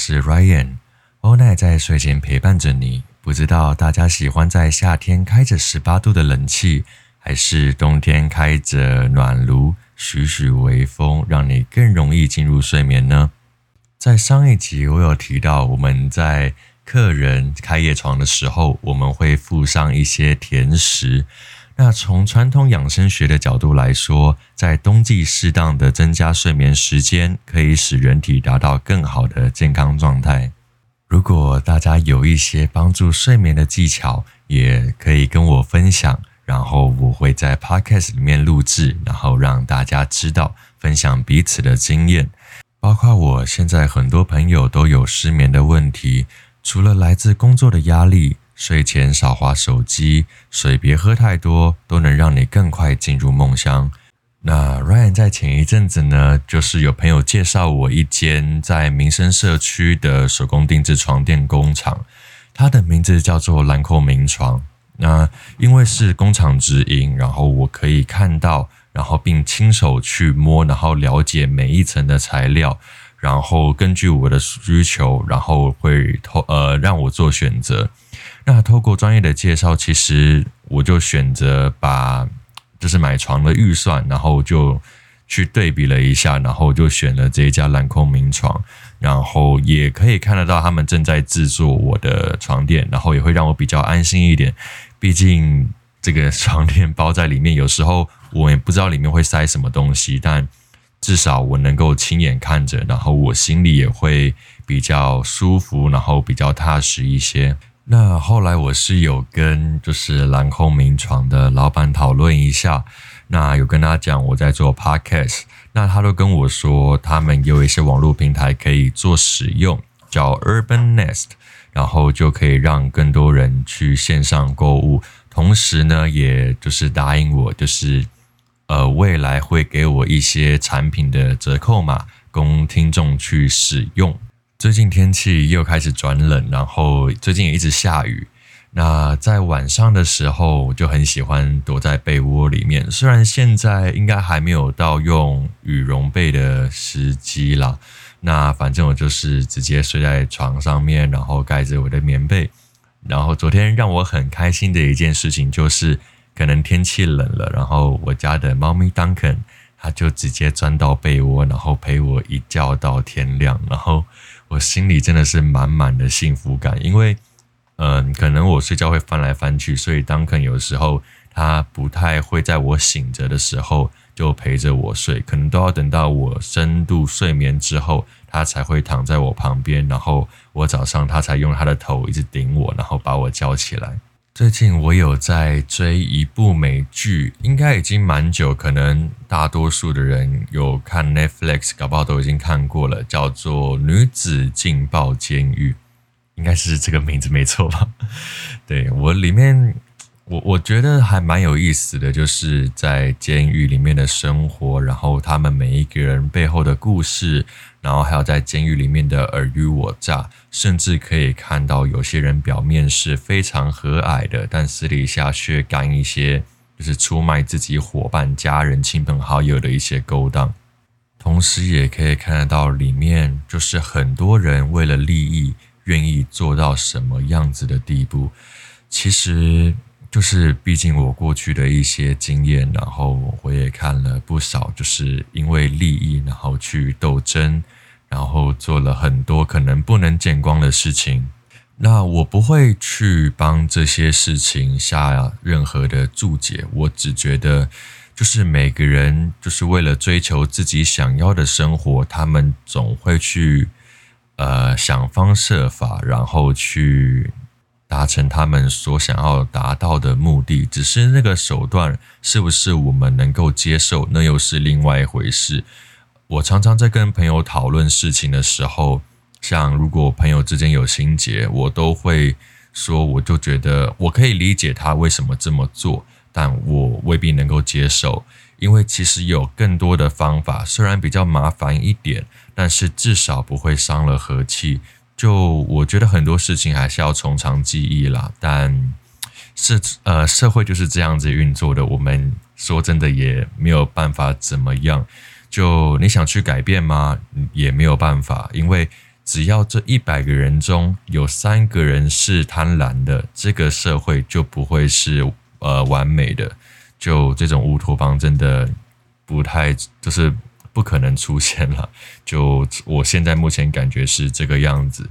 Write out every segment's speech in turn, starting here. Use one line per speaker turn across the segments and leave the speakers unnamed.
我是 Ryan，OWL NIGHT 在睡前陪伴着你。不知道大家喜歡在夏天開着十八度的冷氣，還是冬天開着暖爐，徐徐微風，讓你更容易進入睡眠呢？在上一集我有提到，我們在客人開夜床的時候，我們會附上一些甜食。那從傳統養生學的角度來說，在冬季適當的增加睡眠時間，可以使人體達到更好的健康狀態。如果大家有一些幫助睡眠的技巧，也可以跟我分享，然後我會在 podcast 裡面錄製，然後讓大家知道，分享彼此的經驗。包括我現在很多朋友都有失眠的問題，除了來自工作的壓力。睡前少滑手機，水別喝太多，都能讓你更快進入夢鄉。那 Ryan 在前一陣子呢，就是有朋友介紹我一間在民生社區的手工定制床墊工廠，它的名字叫做蘭蔻名床。那因為是工廠直營，然後我可以看到，然後並親手去摸，然後了解每一層的材料，然後根據我的需求，然後會呃讓我做選擇。那透過專業的介紹，其實我就選擇把就是買床的預算，然後就去對比了一下，然後就選了這一家蘭蔻名床。然後也可以看得到他們正在制作我的床墊，然後也會讓我比較安心一點。畢竟這個床墊包在裡面，有時候我也不知道裡面會塞什麼東西，但至少我能夠親眼看着，然後我心裡也會比較舒服，然後比較踏實一些。那後來我是有跟就是蘭蔻名床的老闆討論一下，那有跟他講我在做 podcast，那他都跟我說他們有一些網絡平台可以做使用，叫 Urban Nest，然後就可以讓更多人去線上購物，同時呢，也就是答應我，就是呃未來會給我一些產品的折扣碼，供聽眾去使用。最近天氣又開始轉冷，然後最近也一直下雨。那在晚上的時候，我就很喜歡躲在被窩裡面。雖然現在應該還沒有到用羽絨被的時機啦，那反正我就是直接睡在床上面，然後蓋着我的棉被。然後昨天讓我很開心的一件事情就是，可能天氣冷了，然後我家的貓咪 Duncan 他就直接鑽到被窩，然後陪我一覺到天亮，然後。我心裡真的是滿滿的幸福感，因為，嗯、呃，可能我睡覺會翻來翻去，所以當肯有時候他不太會在我醒着的時候就陪着我睡，可能都要等到我深度睡眠之後，他才會躺在我旁邊，然後我早上他才用他的頭一直頂我，然後把我叫起來。最近我有在追一部美劇，應該已經蠻久，可能大多數的人有看 Netflix，搞不好都已經看過了，叫做《女子勁爆監獄》，應該是這個名字沒錯吧？對，我裡面。我我覺得還蠻有意思的，就是在監獄裡面的生活，然後他們每一個人背後的故事，然後還有在監獄裡面的爾虞我詐，甚至可以看到有些人表面是非常和藹的，但私底下卻幹一些就是出賣自己夥伴、家人、親朋好友的一些勾當。同時，也可以看得到裡面就是很多人為了利益願意做到什麼樣子的地步。其實。就是，畢竟我過去的一些經驗，然後我也看了不少，就是因為利益，然後去鬥爭，然後做了很多可能不能見光的事情。那我不會去幫這些事情下任何的注解，我只覺得，就是每個人就是為了追求自己想要的生活，他們總會去呃想方設法，然後去。達成他們所想要達到的目的，只是那個手段是不是我們能夠接受，那又是另外一回事。我常常在跟朋友討論事情的時候，像如果朋友之間有心結，我都會說，我就覺得我可以理解他為什麼這麼做，但我未必能夠接受，因為其實有更多的方法，雖然比較麻煩一點，但是至少不會傷了和氣。就我覺得很多事情還是要從長計議啦。但是呃，社會就是這樣子運作的。我們說真的也沒有辦法怎麼樣。就你想去改變嗎？也沒有辦法，因為只要這一百個人中有三個人是貪婪的，這個社會就不會是呃完美的。就這種烏托邦真的不太就是。不可能出現了，就我現在目前感覺是這個樣子。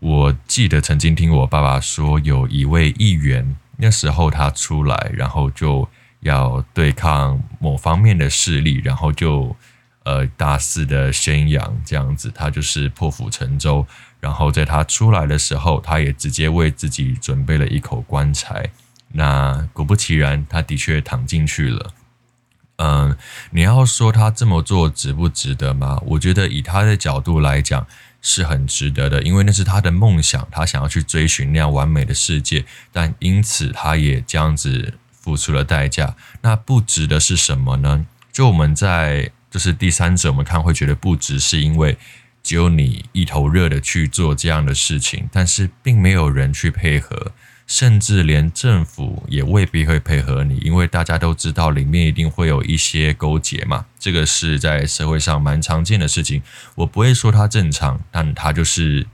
我記得曾經聽我爸爸說，有一位議員那時候他出來，然後就要對抗某方面的勢力，然後就呃大肆的宣揚這樣子，他就是破釜沉舟。然後在他出來的時候，他也直接為自己準備了一口棺材。那果不其然，他的確躺進去了。嗯，你要說他這麼做值不值得嗎？我覺得以他的角度來講是很值得的，因為那是他的夢想，他想要去追尋那樣完美的世界，但因此他也這樣子付出了代價。那不值的是什麼呢？就我們在就是第三者，我們看會覺得不值，是因為只有你一頭熱的去做這樣的事情，但是並沒有人去配合。甚至連政府也未必會配合你，因為大家都知道裡面一定會有一些勾結嘛，這個是在社會上蠻常見的事情。我不會說它正常，但它就是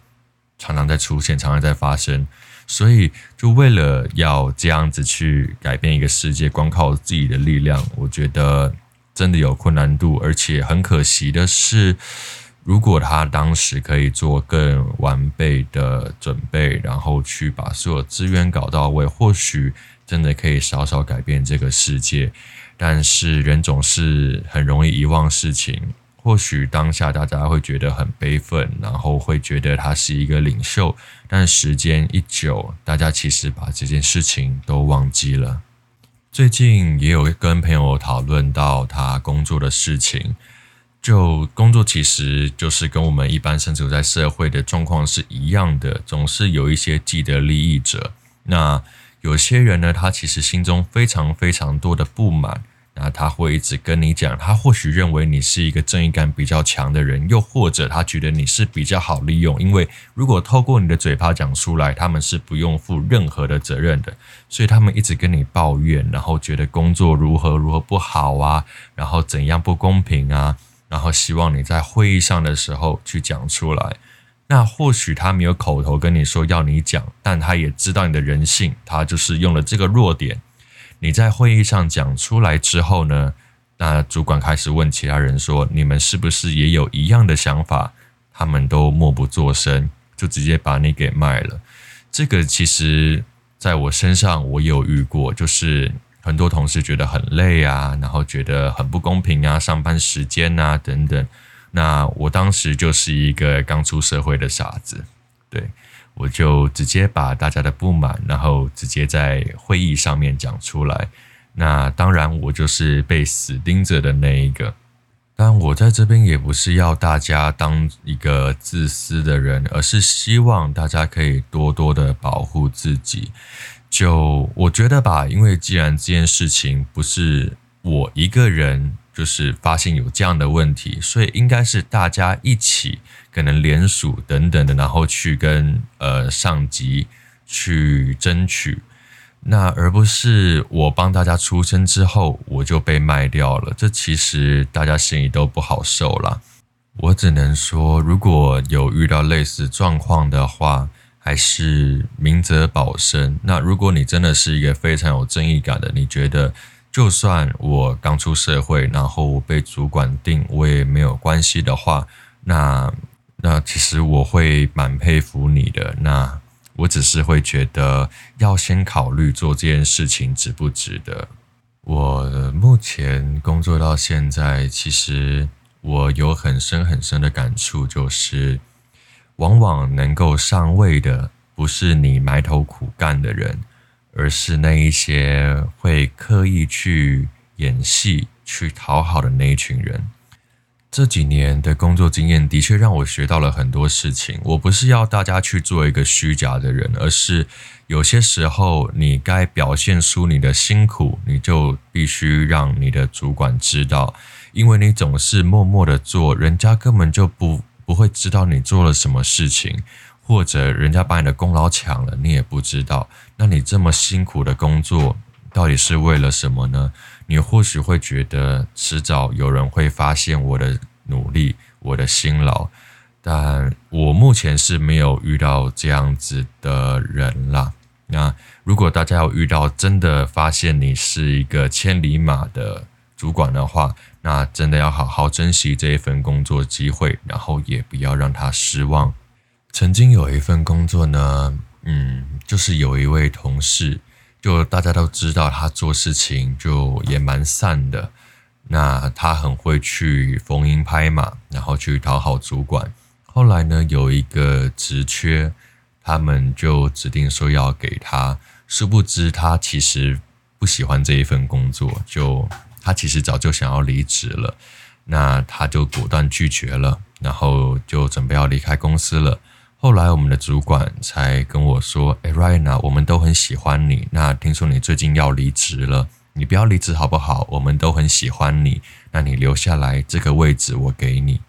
常常在出現，常常在發生。所以，就為了要這樣子去改變一個世界，光靠自己的力量，我覺得真的有困難度，而且很可惜的是，如果他當時可以做更完備的準備，然後去把所有資源搞到位，或許真的可以少少改變這個世界。但是人總是很容易遺忘事情。或許當下大家會覺得很悲憤，然後會覺得他是一個領袖，但時間一久，大家其實把這件事情都忘記了。最近也有跟朋友討論到他工作的事情。就工作其實就是跟我們一般身處在社會的狀況是一樣的，總是有一些既得利益者。那有些人呢，他其實心中非常非常多的不滿，那他會一直跟你講，他或許認為你是一個正義感比較強的人，又或者他覺得你是比較好利用，因為如果透過你的嘴巴講出來，他們是不用負任何的責任的，所以他們一直跟你抱怨，然後覺得工作如何如何不好啊，然後怎樣不公平啊。然後希望你在會議上的時候去講出來，那或許他沒有口頭跟你說要你講，但他也知道你的人性，他就是用了這個弱點。你在會議上講出來之後呢，那主管開始問其他人說，你們是不是也有一樣的想法？他們都默不作聲，就直接把你給賣了。這個其實在我身上我有遇過，就是。很多同事覺得很累啊，然後覺得很不公平啊，上班時間啊等等。那我當時就是一個剛出社會的傻子，對，我就直接把大家的不滿，然後直接在會議上面講出來。那當然我就是被死盯着的那一個，但我在這邊也不是要大家當一個自私的人，而是希望大家可以多多的保護自己。就我覺得吧，因為既然這件事情不是我一個人，就是發現有這樣的問題，所以應該是大家一起，可能聯署等等的，然後去跟呃上級去爭取，那而不是我幫大家出聲之後，我就被賣掉了。這其實大家心裡都不好受啦。我只能說，如果有遇到類似狀況的話。還是明哲保身。那如果你真的是一個非常有正義感的，你覺得就算我剛出社會，然後我被主管定，我也沒有關係的話，那那其實我會蠻佩服你的。那我只是會覺得要先考慮做這件事情值不值得。我目前工作到現在，其實我有很深很深的感觸，就是。往往能夠上位的不是你埋頭苦幹的人，而是那一些會刻意去演戲、去討好的那一群人。這幾年的工作經驗的確讓我學到了很多事情。我不是要大家去做一個虛假的人，而是有些時候你該表現出你的辛苦，你就必須讓你的主管知道，因為你總是默默地做，人家根本就不。不會知道你做了什麼事情，或者人家把你的功勞搶了，你也不知道。那你這麼辛苦的工作，到底是為了什麼呢？你或許會覺得，遲早有人會發現我的努力，我的辛勞。但我目前是沒有遇到這樣子的人啦。那如果大家要遇到，真的發現你是一個千里馬的主管的話，那真的要好好珍惜這一份工作機會，然後也不要讓他失望。曾經有一份工作呢，嗯，就是有一位同事，就大家都知道他做事情就也蠻散的，那他很會去逢迎拍馬，然後去討好主管。後來呢，有一個職缺，他們就指定說要給他，殊不知他其實不喜歡這一份工作，就。他其實早就想要離職了，那他就果斷拒絕了，然後就準備要離開公司了。後來我們的主管才跟我說：“哎，Rina，我們都很喜歡你。那聽說你最近要離職了，你不要離職好不好？我們都很喜歡你，那你留下來，這個位置我給你。”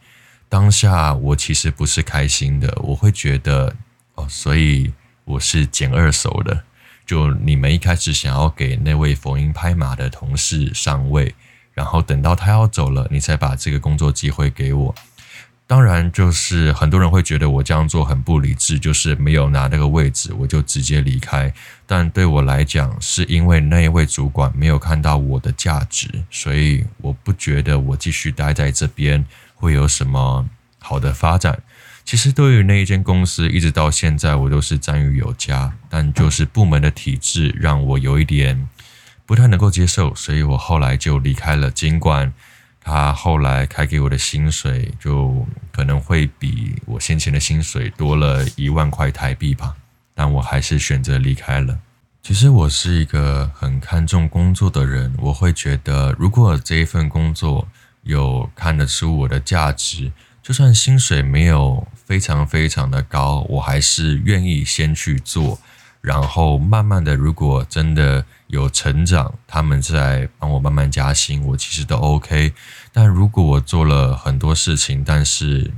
當下我其實不是開心的，我會覺得哦，所以我是撿二手的。就你們一開始想要給那位逢迎拍馬的同事上位，然後等到他要走了，你才把這個工作機會給我。當然，就是很多人會覺得我這樣做很不理智，就是沒有拿那個位置我就直接離開。但對我來講，是因為那一位主管沒有看到我的價值，所以我不覺得我繼續待在這邊會有什麼好的發展。其實對於那一間公司，一直到現在我都是讚譽有加，但就是部門的體制讓我有一點不太能夠接受，所以我後來就離開了。儘管他後來開給我的薪水就可能會比我先前的薪水多了一萬塊台幣吧，但我還是選擇離開了。其實我是一個很看重工作的人，我會覺得如果這一份工作有看得出我的價值。就算薪水沒有非常非常的高，我還是願意先去做，然後慢慢的，如果真的有成長，他們再幫我慢慢加薪，我其實都 OK。但如果我做了很多事情，但是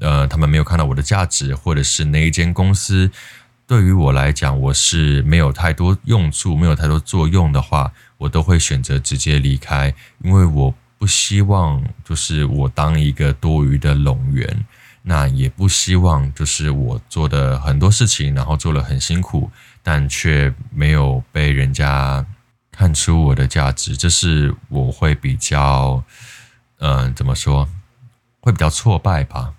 呃，他們沒有看到我的價值，或者是那一間公司對於我來講，我是沒有太多用處、沒有太多作用的話，我都會選擇直接離開，因為我。不希望就是我當一個多餘的冗員，那也不希望就是我做的很多事情，然後做了很辛苦，但却沒有被人家看出我的價值，這是我會比較，嗯、呃、怎麼說，會比較挫敗吧？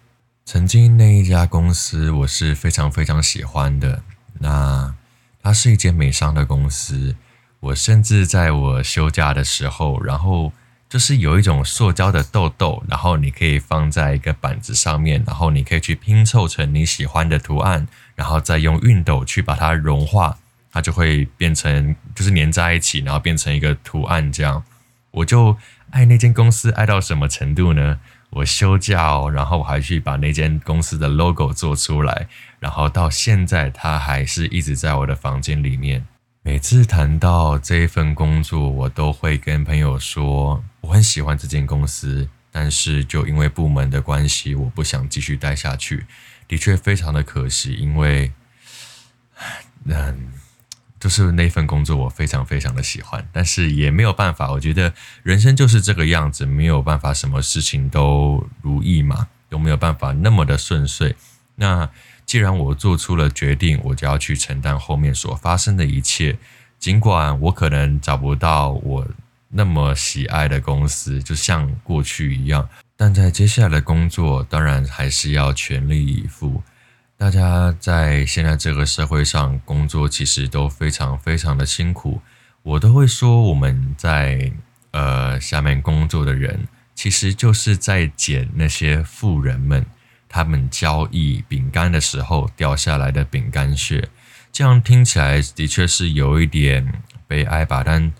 曾經那一家公司我是非常非常喜歡的，那它是一間美商的公司，我甚至在我休假的時候，然後。就是有一種塑膠的豆豆，然後你可以放在一個板子上面，然後你可以去拼湊成你喜歡的圖案，然後再用熨斗去把它融化，它就會變成就是粘在一起，然後變成一個圖案。這樣，我就愛那間公司愛到什麼程度呢？我休假哦，然後我還去把那間公司的 logo 做出來，然後到現在它還是一直在我的房間裡面。每次談到這一份工作，我都會跟朋友說我很喜歡這間公司，但是就因為部門的關係，我不想繼續待下去。的確非常的可惜，因為那就是那份工作我非常非常的喜歡，但是也沒有辦法。我覺得人生就是這個樣子，沒有辦法什麼事情都如意嘛，都沒有辦法那麼的順遂。那。既然我做出了決定，我就要去承擔後面所發生的一切。儘管我可能找不到我那麼喜愛的公司，就像過去一樣，但在接下來的工作，當然還是要全力以赴。大家在現在這個社會上工作，其實都非常非常的辛苦。我都會說，我們在呃下面工作的人，其實就是在撿那些富人們。他們交易餅乾的時候掉下來的餅乾屑，這樣聽起來的確是有一點悲哀吧？但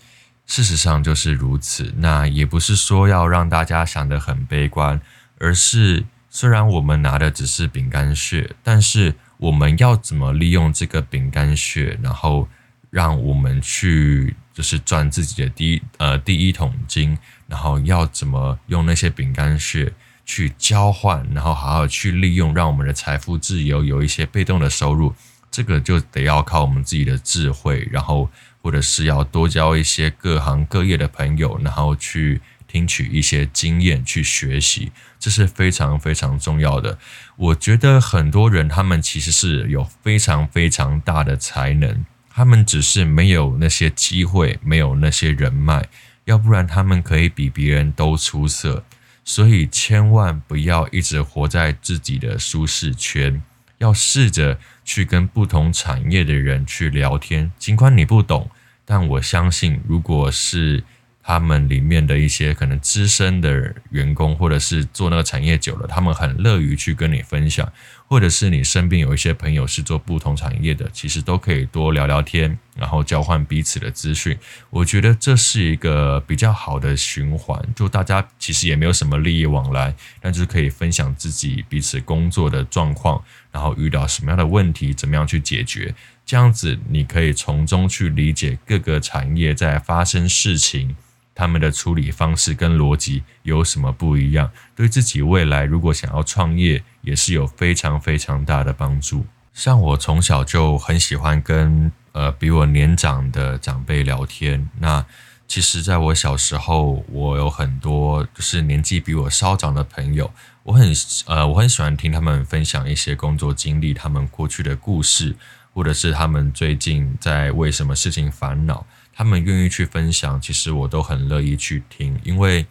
事實上就是如此。那也不是說要讓大家想得很悲觀，而是雖然我們拿的只是餅乾屑，但是我們要怎麼利用這個餅乾屑，然後讓我們去就是賺自己的第一呃第一桶金，然後要怎麼用那些餅乾屑？去交換，然後好好去利用，讓我們的財富自由有一些被動的收入。這個就得要靠我們自己的智慧，然後或者是要多交一些各行各業的朋友，然後去聽取一些經驗，去學習。這是非常非常重要的。我覺得很多人他們其實是有非常非常大的才能，他們只是沒有那些機會，沒有那些人脈，要不然他們可以比別人都出色。所以千萬不要一直活在自己的舒適圈，要試着去跟不同產業的人去聊天，儘管你不懂，但我相信，如果是他們裡面的一些可能資深的員工，或者是做那個產業久了，他們很樂於去跟你分享。或者是你身邊有一些朋友是做不同產業的，其實都可以多聊聊天，然後交換彼此的資訊。我覺得這是一個比較好的循環，就大家其實也沒有什麼利益往來，但就是可以分享自己彼此工作的狀況，然後遇到什麼樣的問題，怎麼樣去解決。這樣子，你可以從中去理解各個產業在發生事情，他們的處理方式跟邏輯有什麼不一樣，對自己未來如果想要創業。也是有非常非常大的幫助。像我從小就很喜歡跟呃比我年長的長輩聊天，那其實在我小時候，我有很多就是年紀比我稍長的朋友，我很呃，我很喜歡聽他們分享一些工作經歷、他們過去的故事，或者是他們最近在為什麼事情煩惱，他們願意去分享，其實我都很樂意去聽，因為。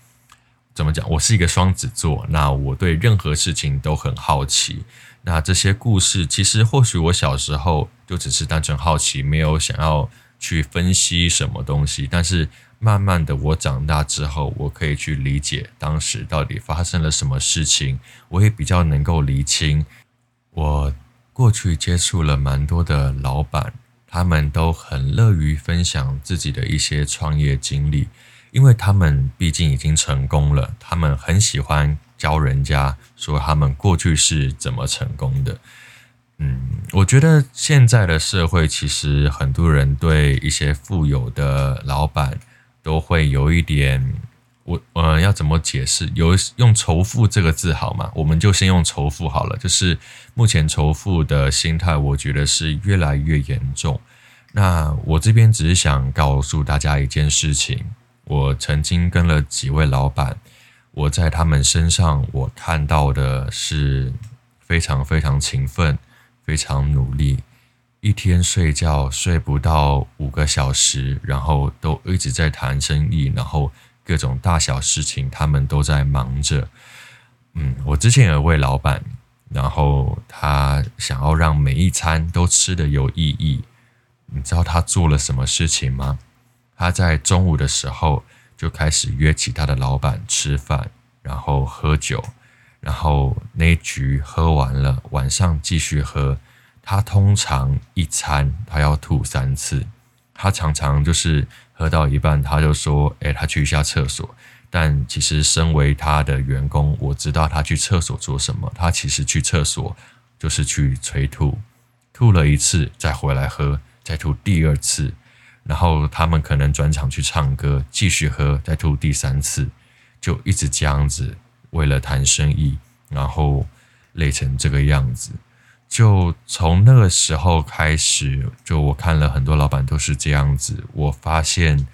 怎麼講？我是一個雙子座，那我對任何事情都很好奇。那這些故事，其實或許我小時候就只是單純好奇，沒有想要去分析什麼東西。但是慢慢的，我長大之後，我可以去理解當時到底發生了什麼事情。我也比較能夠理清。我過去接觸了蠻多的老闆，他們都很樂於分享自己的一些創業經歷。因為他們畢竟已經成功了，他們很喜歡教人家說他們過去是怎麼成功的。嗯，我覺得現在的社會其實很多人對一些富有的老闆都會有一點，我呃，要怎麼解釋？有用“仇富”這個字好嗎？我們就先用“仇富”好了。就是目前“仇富”的心態，我覺得是越來越嚴重。那我這邊只是想告訴大家一件事情。我曾經跟了幾位老闆，我在他們身上，我看到的是非常非常勤奮、非常努力，一天睡覺睡不到五個小時，然後都一直在談生意，然後各種大小事情，他們都在忙着。嗯，我之前有一位老闆，然後他想要讓每一餐都吃得有意義，你知道他做了什麼事情嗎？他在中午的時候就開始約其他的老闆吃飯，然後喝酒，然後那一局喝完了，晚上繼續喝。他通常一餐他要吐三次，他常常就是喝到一半他就說：“哎、欸，他去一下廁所。”但其實身為他的員工，我知道他去廁所做什麼。他其實去廁所就是去催吐，吐了一次再回來喝，再吐第二次。然後他們可能轉場去唱歌，繼續喝，再吐第三次，就一直這樣子。為了談生意，然後累成這個樣子。就從那個時候開始，就我看了很多老闆都是這樣子。我發現，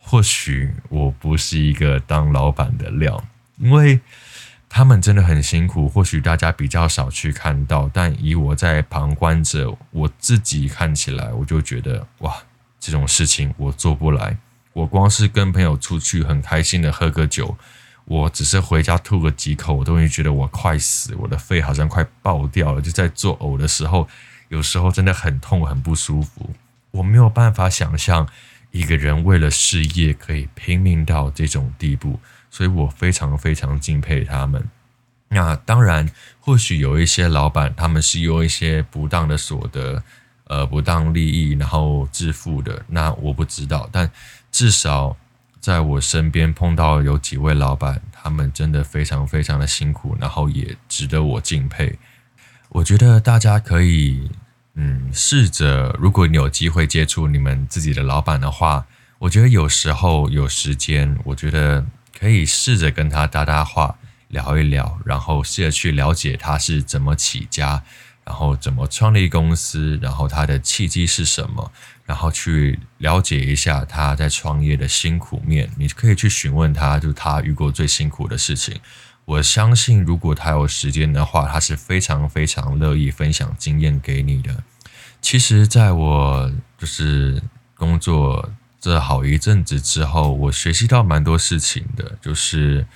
或許我不是一個當老闆的料，因為他們真的很辛苦。或許大家比較少去看到，但以我在旁觀者，我自己看起來，我就覺得哇。這種事情我做不來。我光是跟朋友出去很開心的喝個酒，我只是回家吐個幾口，我都會覺得我快死，我的肺好像快爆掉了。就在作嘔的時候，有時候真的很痛，很不舒服。我沒有辦法想象一個人為了事業可以拼命到這種地步，所以我非常非常敬佩他們。那當然，或許有一些老闆，他們是有一些不當的所得。呃，不當利益，然後致富的，那我不知道。但至少在我身邊碰到有幾位老闆，他們真的非常非常的辛苦，然後也值得我敬佩。我覺得大家可以，嗯，試着，如果你有機會接觸你們自己的老闆的話，我覺得有時候有時間，我覺得可以試着跟他搭搭話，聊一聊，然後試着去了解他是怎麼起家。然後怎麼創立公司？然後他的契機是什麼？然後去了解一下他在創業的辛苦面。你可以去詢問他，就是他遇過最辛苦的事情。我相信，如果他有時間的話，他是非常非常樂意分享經驗給你的。其實，在我就是工作這好一陣子之後，我學習到蠻多事情的，就是。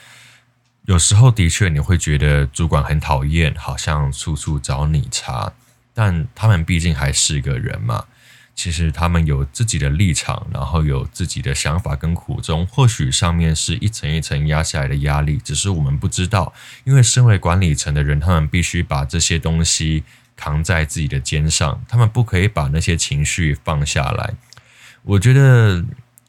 有時候的確，你會覺得主管很討厭，好像處處找你茬，但他們畢竟還是個人嘛。其實他們有自己的立場，然後有自己的想法跟苦衷。或許上面是一層一層壓下來的壓力，只是我們不知道。因為身為管理層的人，他們必須把這些東西扛在自己的肩上，他們不可以把那些情緒放下來。我覺得。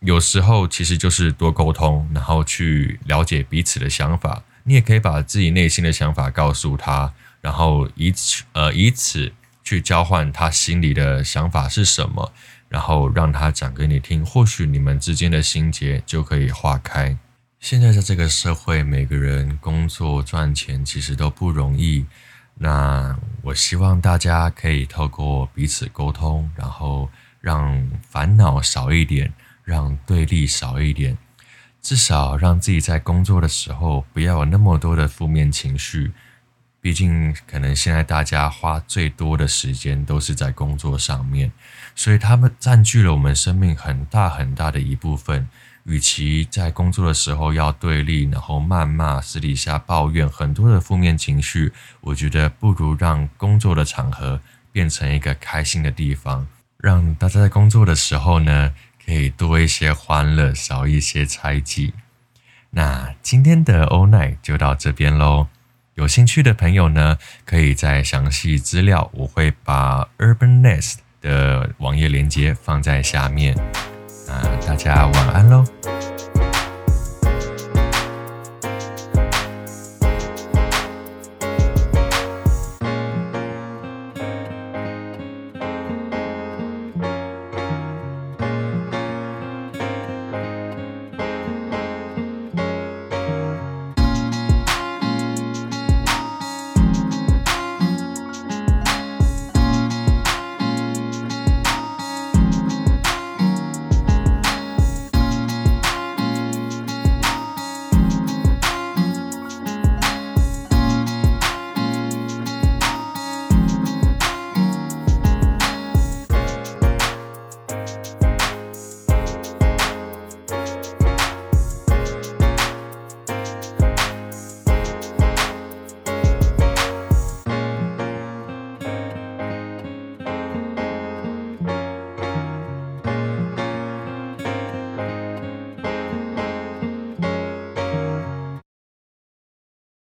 有時候其實就是多溝通，然後去了解彼此的想法。你也可以把自己內心的想法告訴他，然後以此呃、以此去交換他心裡的想法是什麼，然後讓他講給你聽。或許你們之間的心結就可以化開。現在在這個社會，每個人工作賺錢其實都不容易。那我希望大家可以透過彼此溝通，然後讓煩惱少一點。讓對立少一點，至少讓自己在工作的時候不要有那麼多的負面情緒。畢竟，可能現在大家花最多的時間都是在工作上面，所以他們佔據了我們生命很大很大的一部分。與其在工作的時候要對立，然後謾罵，私底下抱怨很多的負面情緒，我覺得不如讓工作的場合變成一個開心的地方，讓大家在工作的時候呢，可以多一些歡樂，少一些猜忌。那今天的 OWL NIGHT 就到這邊嘍。有興趣的朋友呢，可以在詳細資料，我會把 Urban Nest 的網頁鏈接放在下面。那大家晚安嘍。